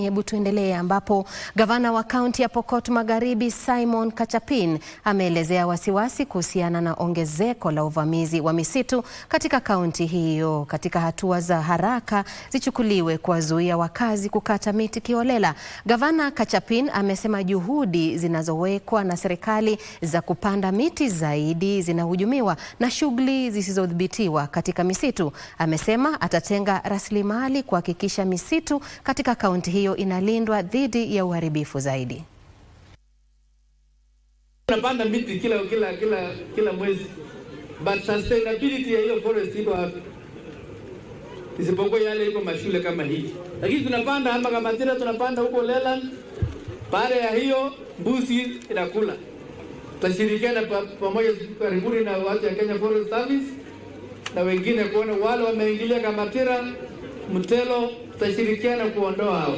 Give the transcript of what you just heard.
Hebu tuendelee ambapo gavana wa kaunti ya Pokot Magharibi Simon Kachapin ameelezea wasiwasi kuhusiana na ongezeko la uvamizi wa misitu katika kaunti hiyo, katika hatua za haraka zichukuliwe kuwazuia wakazi kukata miti kiholela. Gavana Kachapin amesema juhudi zinazowekwa na serikali za kupanda miti zaidi zinahujumiwa na shughuli zisizodhibitiwa katika misitu. Amesema atatenga rasilimali kuhakikisha misitu katika kaunti hiyo ambayo inalindwa dhidi ya uharibifu zaidi. Tunapanda miti kila kila kila kila mwezi, but sustainability ya hiyo forest iko wapi? Isipokuwa yale iko mashule kama hii, lakini tunapanda hapa Kamatira, tunapanda huko Leland. Baada ya hiyo mbuzi inakula. Tashirikiana pamoja karibuni na watu ya Kenya Forest Service na wengine kuona wale wameingilia Kamatira, Mtelo tutashirikiana kuondoa hao.